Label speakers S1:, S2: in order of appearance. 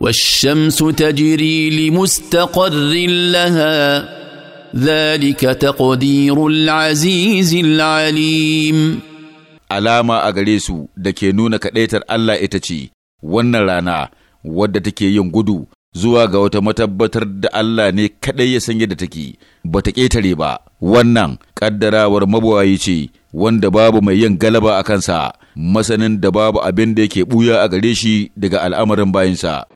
S1: والشمس تجري لمستقر لها
S2: ذلك تقدير العزيز العليم alama a gare su da ke nuna kaɗaitar Allah ita ce, wannan rana wadda take yin gudu zuwa ga wata matabbatar da Allah ne kaɗai ya da yadda take, ba ta ƙetare ba, wannan ƙaddarawar mabuwayi ce wanda babu mai yin galaba a kansa, masanin da babu abin da yake ɓuya a gare shi daga al'amarin bayinsa.